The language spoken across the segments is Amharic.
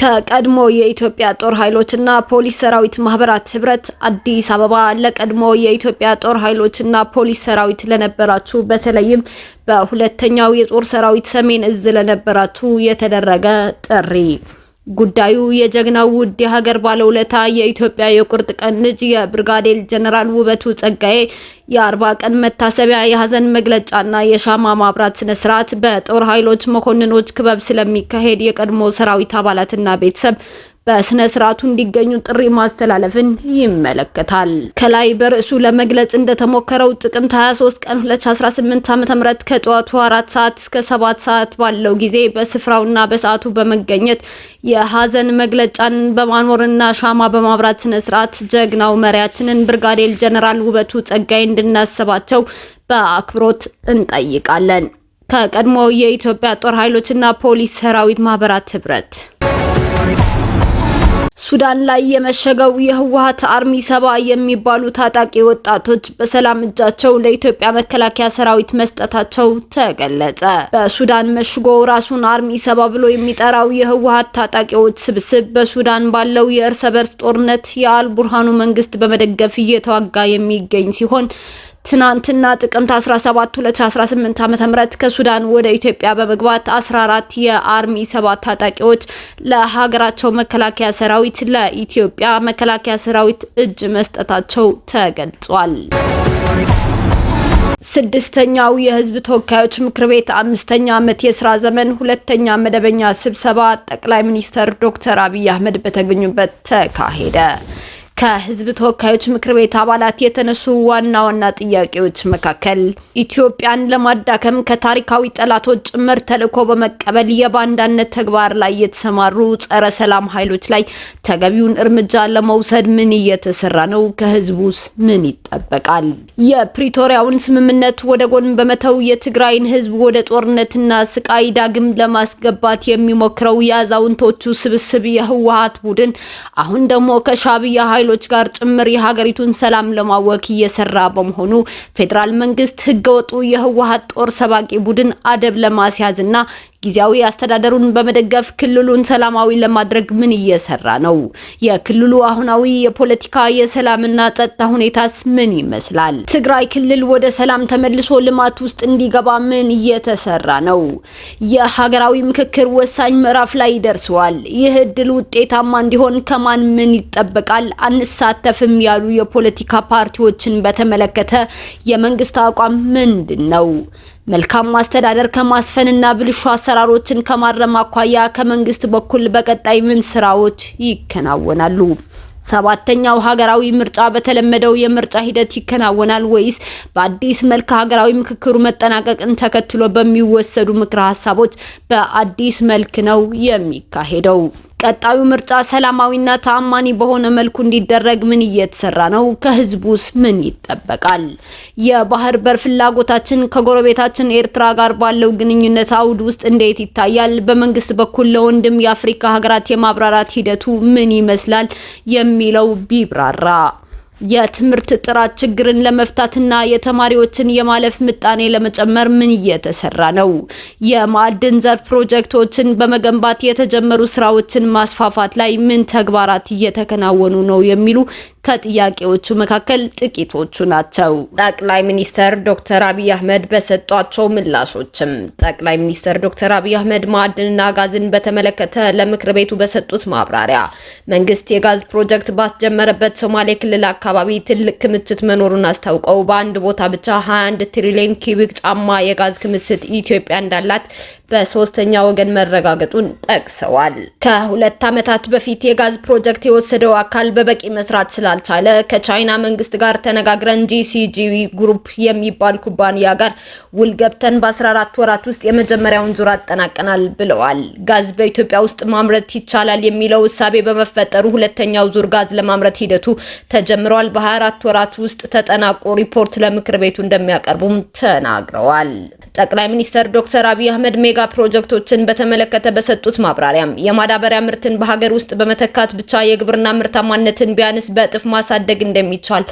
ከቀድሞ የኢትዮጵያ ጦር ኃይሎችና ፖሊስ ሰራዊት ማህበራት ህብረት አዲስ አበባ ለቀድሞ የኢትዮጵያ ጦር ኃይሎችና ፖሊስ ሰራዊት ለነበራችሁ በተለይም በሁለተኛው የጦር ሰራዊት ሰሜን እዝ ለነበራችሁ የተደረገ ጥሪ ጉዳዩ የጀግናው ውድ የሀገር ባለውለታ የኢትዮጵያ የቁርጥ ቀን ልጅ የብርጋዴር ጀነራል ውበቱ ጸጋዬ የአርባ ቀን መታሰቢያ የሀዘን መግለጫና የሻማ ማብራት ስነ ስርዓት በጦር ኃይሎች መኮንኖች ክበብ ስለሚካሄድ የቀድሞ ሰራዊት አባላትና ቤተሰብ በስነ ስርዓቱ እንዲገኙ ጥሪ ማስተላለፍን ይመለከታል። ከላይ በርዕሱ ለመግለጽ እንደተሞከረው ጥቅምት 23 ቀን 2018 ዓ.ም ከጠዋቱ 4 ሰዓት እስከ 7 ሰዓት ባለው ጊዜ በስፍራውና በሰዓቱ በመገኘት የሀዘን መግለጫን በማኖርና ሻማ በማብራት ስነ ስርዓት ጀግናው መሪያችንን ብርጋዴር ጀነራል ውበቱ ጸጋይ እንድናስባቸው በአክብሮት እንጠይቃለን። ከቀድሞው የኢትዮጵያ ጦር ኃይሎችና ፖሊስ ሰራዊት ማህበራት ህብረት ሱዳን ላይ የመሸገው የህወሀት አርሚ ሰባ የሚባሉ ታጣቂ ወጣቶች በሰላም እጃቸው ለኢትዮጵያ መከላከያ ሰራዊት መስጠታቸው ተገለጸ። በሱዳን መሽጎ ራሱን አርሚ ሰባ ብሎ የሚጠራው የህወሀት ታጣቂዎች ስብስብ በሱዳን ባለው የእርስ በርስ ጦርነት የአልቡርሃኑ መንግስት በመደገፍ እየተዋጋ የሚገኝ ሲሆን ትናንትና ጥቅምት 17 2018 ዓ.ም ከሱዳን ወደ ኢትዮጵያ በመግባት 14 የአርሚ ሰባት ታጣቂዎች ለሀገራቸው መከላከያ ሰራዊት ለኢትዮጵያ መከላከያ ሰራዊት እጅ መስጠታቸው ተገልጿል። ስድስተኛው የህዝብ ተወካዮች ምክር ቤት አምስተኛ ዓመት የስራ ዘመን ሁለተኛ መደበኛ ስብሰባ ጠቅላይ ሚኒስትር ዶክተር አብይ አህመድ በተገኙበት ተካሄደ። ከህዝብ ተወካዮች ምክር ቤት አባላት የተነሱ ዋና ዋና ጥያቄዎች መካከል ኢትዮጵያን ለማዳከም ከታሪካዊ ጠላቶች ጭምር ተልዕኮ በመቀበል የባንዳነት ተግባር ላይ የተሰማሩ ጸረ ሰላም ኃይሎች ላይ ተገቢውን እርምጃ ለመውሰድ ምን እየተሰራ ነው? ከህዝቡስ ምን ይጠበቃል። የፕሪቶሪያውን ስምምነት ወደ ጎን በመተው የትግራይን ህዝብ ወደ ጦርነትና ስቃይ ዳግም ለማስገባት የሚሞክረው የአዛውንቶቹ ስብስብ የህወሀት ቡድን አሁን ደግሞ ከሻዕቢያ ኃይሎች ጋር ጭምር የሀገሪቱን ሰላም ለማወክ እየሰራ በመሆኑ ፌዴራል መንግስት ህገወጡ የህወሀት ጦር ሰባቂ ቡድን አደብ ለማስያዝና ጊዜያዊ አስተዳደሩን በመደገፍ ክልሉን ሰላማዊ ለማድረግ ምን እየሰራ ነው? የክልሉ አሁናዊ የፖለቲካ የሰላምና ጸጥታ ሁኔታስ ምን ይመስላል? ትግራይ ክልል ወደ ሰላም ተመልሶ ልማት ውስጥ እንዲገባ ምን እየተሰራ ነው? የሀገራዊ ምክክር ወሳኝ ምዕራፍ ላይ ደርሰዋል። ይህ እድል ውጤታማ እንዲሆን ከማን ምን ይጠበቃል? አንሳተፍም ያሉ የፖለቲካ ፓርቲዎችን በተመለከተ የመንግስት አቋም ምንድን ነው? መልካም ማስተዳደር ከማስፈንና ብልሹ አሰራሮችን ከማረም አኳያ ከመንግስት በኩል በቀጣይ ምን ስራዎች ይከናወናሉ? ሰባተኛው ሀገራዊ ምርጫ በተለመደው የምርጫ ሂደት ይከናወናል ወይስ በአዲስ መልክ ሀገራዊ ምክክሩ መጠናቀቅን ተከትሎ በሚወሰዱ ምክረ ሀሳቦች በአዲስ መልክ ነው የሚካሄደው? ቀጣዩ ምርጫ ሰላማዊና ተአማኒ በሆነ መልኩ እንዲደረግ ምን እየተሰራ ነው? ከህዝቡስ ምን ይጠበቃል? የባህር በር ፍላጎታችን ከጎረቤታችን ኤርትራ ጋር ባለው ግንኙነት አውድ ውስጥ እንዴት ይታያል? በመንግስት በኩል ለወንድም የአፍሪካ ሀገራት የማብራራት ሂደቱ ምን ይመስላል የሚለው ቢብራራ የትምህርት ጥራት ችግርን ለመፍታትና የተማሪዎችን የማለፍ ምጣኔ ለመጨመር ምን እየተሰራ ነው? የማዕድን ዘርፍ ፕሮጀክቶችን በመገንባት የተጀመሩ ስራዎችን ማስፋፋት ላይ ምን ተግባራት እየተከናወኑ ነው? የሚሉ ከጥያቄዎቹ መካከል ጥቂቶቹ ናቸው። ጠቅላይ ሚኒስተር ዶክተር አብይ አህመድ በሰጧቸው ምላሾችም ጠቅላይ ሚኒስተር ዶክተር አብይ አህመድ ማዕድንና ጋዝን በተመለከተ ለምክር ቤቱ በሰጡት ማብራሪያ መንግስት የጋዝ ፕሮጀክት ባስጀመረበት ሶማሌ ክልል አካባቢ አካባቢ ትልቅ ክምችት መኖሩን አስታውቀው በአንድ ቦታ ብቻ 21 ትሪሊዮን ኪዩቢክ ጫማ የጋዝ ክምችት ኢትዮጵያ እንዳላት በሶስተኛ ወገን መረጋገጡን ጠቅሰዋል። ከሁለት ዓመታት በፊት የጋዝ ፕሮጀክት የወሰደው አካል በበቂ መስራት ስላልቻለ ከቻይና መንግስት ጋር ተነጋግረን ጂሲጂዊ ግሩፕ የሚባል ኩባንያ ጋር ውል ገብተን በ14 ወራት ውስጥ የመጀመሪያውን ዙር አጠናቀናል ብለዋል። ጋዝ በኢትዮጵያ ውስጥ ማምረት ይቻላል የሚለው እሳቤ በመፈጠሩ ሁለተኛው ዙር ጋዝ ለማምረት ሂደቱ ተጀምረዋል። በ24 ወራት ውስጥ ተጠናቆ ሪፖርት ለምክር ቤቱ እንደሚያቀርቡም ተናግረዋል። ጠቅላይ ሚኒስትር ዶክተር አብይ አህመድ የዜጋ ፕሮጀክቶችን በተመለከተ በሰጡት ማብራሪያም የማዳበሪያ ምርትን በሀገር ውስጥ በመተካት ብቻ የግብርና ምርታማነትን ቢያንስ በእጥፍ ማሳደግ እንደሚቻል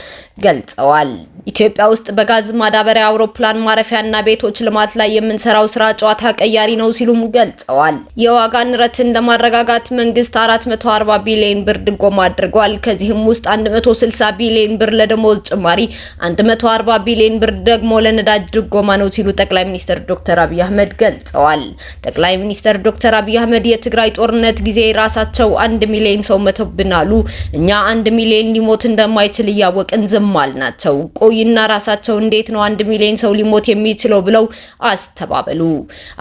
ገልጸዋል። ኢትዮጵያ ውስጥ በጋዝ ማዳበሪያ፣ አውሮፕላን ማረፊያና ቤቶች ልማት ላይ የምንሰራው ስራ ጨዋታ ቀያሪ ነው ሲሉም ገልጸዋል። የዋጋ ንረትን ለማረጋጋት መንግስት 440 ቢሊዮን ብር ድጎማ አድርጓል። ከዚህም ውስጥ 160 ቢሊዮን ብር ለደሞዝ ጭማሪ፣ 140 ቢሊዮን ብር ደግሞ ለነዳጅ ድጎማ ነው ሲሉ ጠቅላይ ሚኒስትር ዶክተር አብይ አህመድ ገልጸዋል። ገልጸዋል። ጠቅላይ ሚኒስትር ዶክተር አብይ አህመድ የትግራይ ጦርነት ጊዜ ራሳቸው አንድ ሚሊዮን ሰው መተብናሉ። አሉ። እኛ አንድ ሚሊዮን ሊሞት እንደማይችል እያወቅን ዝም አልናቸው። ቆይና ራሳቸው እንዴት ነው አንድ ሚሊዮን ሰው ሊሞት የሚችለው ብለው አስተባበሉ።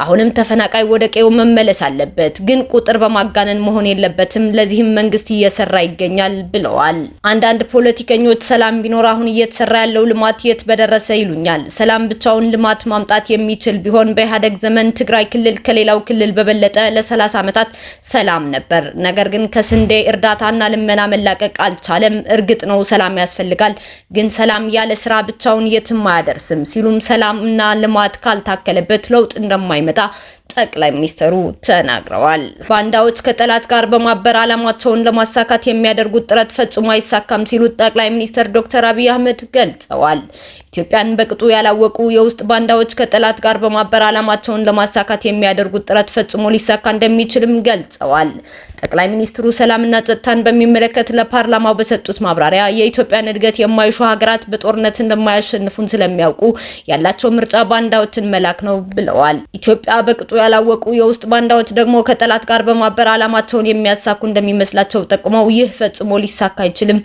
አሁንም ተፈናቃይ ወደ ቀዬው መመለስ አለበት፣ ግን ቁጥር በማጋነን መሆን የለበትም። ለዚህም መንግስት እየሰራ ይገኛል ብለዋል። አንዳንድ ፖለቲከኞች ሰላም ቢኖር አሁን እየተሰራ ያለው ልማት የት በደረሰ ይሉኛል። ሰላም ብቻውን ልማት ማምጣት የሚችል ቢሆን በኢህአዴግ ዘመን ትግራይ የትግራይ ክልል ከሌላው ክልል በበለጠ ለ30 ዓመታት ሰላም ነበር። ነገር ግን ከስንዴ እርዳታና ልመና መላቀቅ አልቻለም። እርግጥ ነው ሰላም ያስፈልጋል፣ ግን ሰላም ያለ ስራ ብቻውን የትም አያደርስም ሲሉም ሰላምና ልማት ካልታከለበት ለውጥ እንደማይመጣ ጠቅላይ ሚኒስትሩ ተናግረዋል። ባንዳዎች ከጠላት ጋር በማበር ዓላማቸውን ለማሳካት የሚያደርጉት ጥረት ፈጽሞ አይሳካም ሲሉ ጠቅላይ ሚኒስትር ዶክተር አብይ አህመድ ገልጸዋል። ኢትዮጵያን በቅጡ ያላወቁ የውስጥ ባንዳዎች ከጠላት ጋር በማበር ዓላማቸውን ለማሳካት የሚያደርጉት ጥረት ፈጽሞ ሊሳካ እንደሚችልም ገልጸዋል። ጠቅላይ ሚኒስትሩ ሰላምና ጸጥታን በሚመለከት ለፓርላማው በሰጡት ማብራሪያ የኢትዮጵያን እድገት የማይሹ ሀገራት በጦርነት እንደማያሸንፉን ስለሚያውቁ ያላቸው ምርጫ ባንዳዎችን መላክ ነው ብለዋል። ኢትዮጵያ በቅጡ ያላወቁ የውስጥ ባንዳዎች ደግሞ ከጠላት ጋር በማበር ዓላማቸውን የሚያሳኩ እንደሚመስላቸው ጠቁመው ይህ ፈጽሞ ሊሳካ አይችልም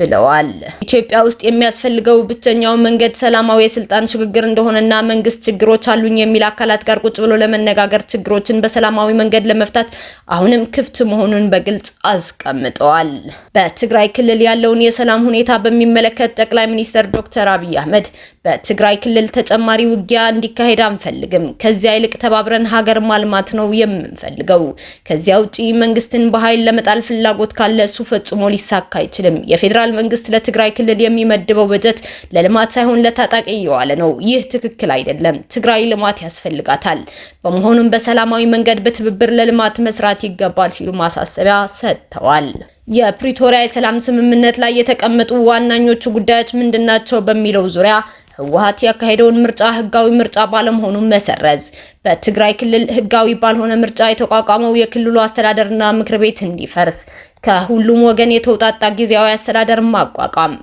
ብለዋል። ኢትዮጵያ ውስጥ የሚያስፈልገው ብቸኛው መንገድ ሰላማዊ የስልጣን ሽግግር እንደሆነና መንግስት ችግሮች አሉኝ የሚል አካላት ጋር ቁጭ ብሎ ለመነጋገር ችግሮችን በሰላማዊ መንገድ ለመፍታት አሁንም ክፍት መሆኑን በግልጽ አስቀምጠዋል። በትግራይ ክልል ያለውን የሰላም ሁኔታ በሚመለከት ጠቅላይ ሚኒስትር ዶክተር አብይ አህመድ በትግራይ ክልል ተጨማሪ ውጊያ እንዲካሄድ አንፈልግም። ከዚያ ይልቅ ተባብረን ሀገር ማልማት ነው የምንፈልገው። ከዚያ ውጪ መንግስትን በኃይል ለመጣል ፍላጎት ካለ እሱ ፈጽሞ ሊሳካ አይችልም። የፌዴራል መንግስት ለትግራይ ክልል የሚመድበው በጀት ለልማት ሳይሆን ለታጣቂ እየዋለ ነው። ይህ ትክክል አይደለም። ትግራይ ልማት ያስፈልጋታል። በመሆኑም በሰላማዊ መንገድ በትብብር ለልማት መስራት ይገባል ሲሉ ማሳሰቢያ ሰጥተዋል። የፕሪቶሪያ የሰላም ስምምነት ላይ የተቀመጡ ዋናኞቹ ጉዳዮች ምንድናቸው በሚለው ዙሪያ ህወሀት ያካሄደውን ምርጫ ህጋዊ ምርጫ ባለመሆኑ መሰረዝ፣ በትግራይ ክልል ህጋዊ ባልሆነ ምርጫ የተቋቋመው የክልሉ አስተዳደርና ምክር ቤት እንዲፈርስ፣ ከሁሉም ወገን የተውጣጣ ጊዜያዊ አስተዳደር ማቋቋም፣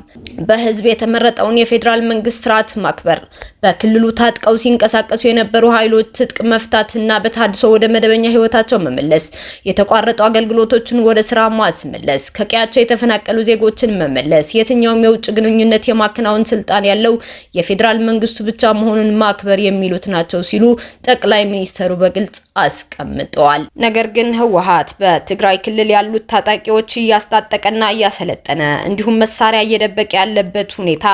በህዝብ የተመረጠውን የፌዴራል መንግስት ስርዓት ማክበር፣ በክልሉ ታጥቀው ሲንቀሳቀሱ የነበሩ ኃይሎች ትጥቅ መፍታትና በታድሶ ወደ መደበኛ ህይወታቸው መመለስ፣ የተቋረጡ አገልግሎቶችን ወደ ስራ ማስመለስ፣ ከቀያቸው የተፈናቀሉ ዜጎችን መመለስ፣ የትኛውም የውጭ ግንኙነት የማከናወን ስልጣን ያለው የፌዴራል መንግስቱ ብቻ መሆኑን ማክበር የሚሉት ናቸው ሲሉ ጠቅላይ ሚኒስተሩ በግልጽ አስቀምጠዋል። ነገር ግን ህወሀት በትግራይ ክልል ያሉት ታጣቂ ታጣቂዎች እያስታጠቀና እያሰለጠነ እንዲሁም መሳሪያ እየደበቀ ያለበት ሁኔታ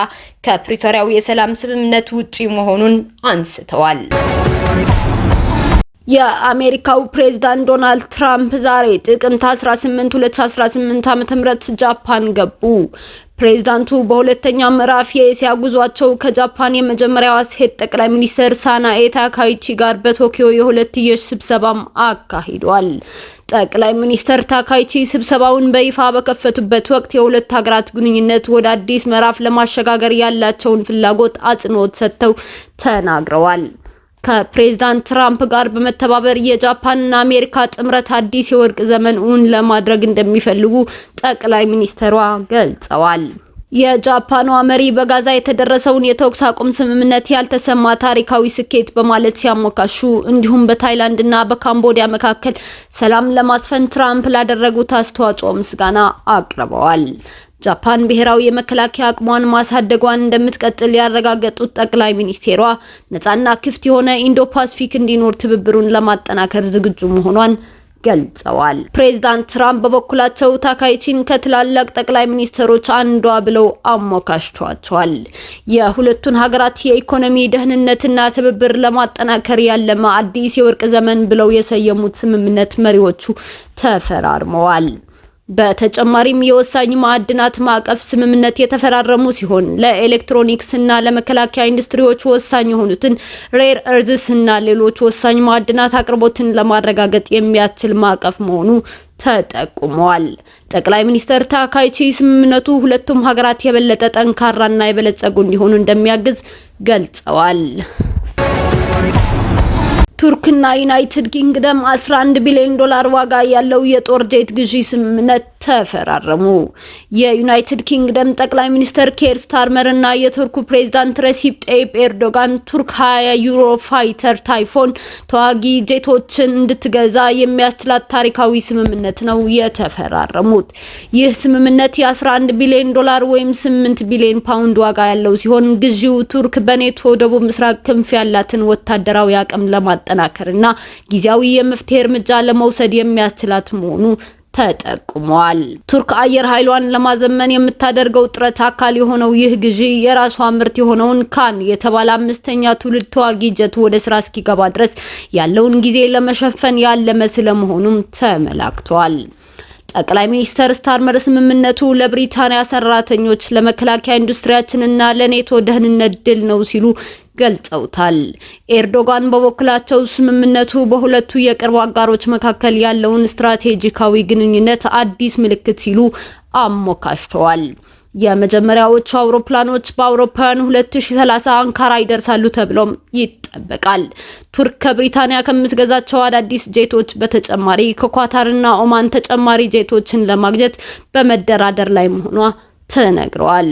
ከፕሪቶሪያው የሰላም ስምምነት ውጪ መሆኑን አንስተዋል። የአሜሪካው ፕሬዝዳንት ዶናልድ ትራምፕ ዛሬ ጥቅምት 18 2018 ዓ.ም ጃፓን ገቡ። ፕሬዝዳንቱ በሁለተኛ ምዕራፍ የእስያ ጉዟቸው ከጃፓን የመጀመሪያዋ ሴት ጠቅላይ ሚኒስትር ሳናኤ ታካይቺ ጋር በቶኪዮ የሁለትዮሽ ስብሰባም አካሂዷል። ጠቅላይ ሚኒስትር ታካይቺ ስብሰባውን በይፋ በከፈቱበት ወቅት የሁለት ሀገራት ግንኙነት ወደ አዲስ ምዕራፍ ለማሸጋገር ያላቸውን ፍላጎት አጽንኦት ሰጥተው ተናግረዋል። ከፕሬዝዳንት ትራምፕ ጋር በመተባበር የጃፓንና አሜሪካ ጥምረት አዲስ የወርቅ ዘመን እውን ለማድረግ እንደሚፈልጉ ጠቅላይ ሚኒስትሯ ገልጸዋል። የጃፓኗ መሪ በጋዛ የተደረሰውን የተኩስ አቁም ስምምነት ያልተሰማ ታሪካዊ ስኬት በማለት ሲያሞካሹ፣ እንዲሁም በታይላንድ እና በካምቦዲያ መካከል ሰላም ለማስፈን ትራምፕ ላደረጉት አስተዋጽኦ ምስጋና አቅርበዋል። ጃፓን ብሔራዊ የመከላከያ አቅሟን ማሳደጓን እንደምትቀጥል ያረጋገጡት ጠቅላይ ሚኒስቴሯ ነፃና ክፍት የሆነ ኢንዶ ፓስፊክ እንዲኖር ትብብሩን ለማጠናከር ዝግጁ መሆኗን ገልጸዋል። ፕሬዝዳንት ትራምፕ በበኩላቸው ታካይቺን ከትላላቅ ጠቅላይ ሚኒስትሮች አንዷ ብለው አሞካሽቷቸዋል። የሁለቱን ሀገራት የኢኮኖሚ ደህንነትና ትብብር ለማጠናከር ያለመ አዲስ የወርቅ ዘመን ብለው የሰየሙት ስምምነት መሪዎቹ ተፈራርመዋል። በተጨማሪም የወሳኝ ማዕድናት ማዕቀፍ ስምምነት የተፈራረሙ ሲሆን ለኤሌክትሮኒክስ እና ለመከላከያ ኢንዱስትሪዎች ወሳኝ የሆኑትን ሬር እርዝስ እና ሌሎች ወሳኝ ማዕድናት አቅርቦትን ለማረጋገጥ የሚያስችል ማዕቀፍ መሆኑ ተጠቁመዋል። ጠቅላይ ሚኒስትር ታካይቺ ስምምነቱ ሁለቱም ሀገራት የበለጠ ጠንካራና የበለጸጉ እንዲሆኑ እንደሚያግዝ ገልጸዋል። ቱርክና ዩናይትድ ኪንግደም 11 ቢሊዮን ዶላር ዋጋ ያለው የጦር ጄት ግዢ ስምምነት ተፈራረሙ። የዩናይትድ ኪንግደም ጠቅላይ ሚኒስትር ኬር ስታርመር እና የቱርኩ ፕሬዝዳንት ረሲፕ ጤይፕ ኤርዶጋን ቱርክ 20 ዩሮ ፋይተር ታይፎን ተዋጊ ጄቶችን እንድትገዛ የሚያስችላት ታሪካዊ ስምምነት ነው የተፈራረሙት። ይህ ስምምነት የ11 ቢሊዮን ዶላር ወይም 8 ቢሊዮን ፓውንድ ዋጋ ያለው ሲሆን ግዢው ቱርክ በኔቶ ደቡብ ምስራቅ ክንፍ ያላትን ወታደራዊ አቅም ለማጣ ለማጠናከርና ጊዜያዊ የመፍትሄ እርምጃ ለመውሰድ የሚያስችላት መሆኑ ተጠቁሟል። ቱርክ አየር ኃይሏን ለማዘመን የምታደርገው ጥረት አካል የሆነው ይህ ግዢ የራሷ ምርት የሆነውን ካን የተባለ አምስተኛ ትውልድ ተዋጊ ጀት ወደ ስራ እስኪገባ ድረስ ያለውን ጊዜ ለመሸፈን ያለመ ስለመሆኑም ተመላክቷል። ጠቅላይ ሚኒስተር ስታርመር ስምምነቱ ለብሪታንያ ሰራተኞች፣ ለመከላከያ ኢንዱስትሪያችንና ለኔቶ ደህንነት ድል ነው ሲሉ ገልጸውታል። ኤርዶጋን በበኩላቸው ስምምነቱ በሁለቱ የቅርብ አጋሮች መካከል ያለውን ስትራቴጂካዊ ግንኙነት አዲስ ምልክት ሲሉ አሞካሽተዋል። የመጀመሪያዎቹ አውሮፕላኖች በአውሮፓውያኑ 2030 አንካራ ይደርሳሉ ተብሎም ይጠበቃል። ቱርክ ከብሪታንያ ከምትገዛቸው አዳዲስ ጄቶች በተጨማሪ ከኳታርና ኦማን ተጨማሪ ጄቶችን ለማግኘት በመደራደር ላይ መሆኗ ተነግረዋል።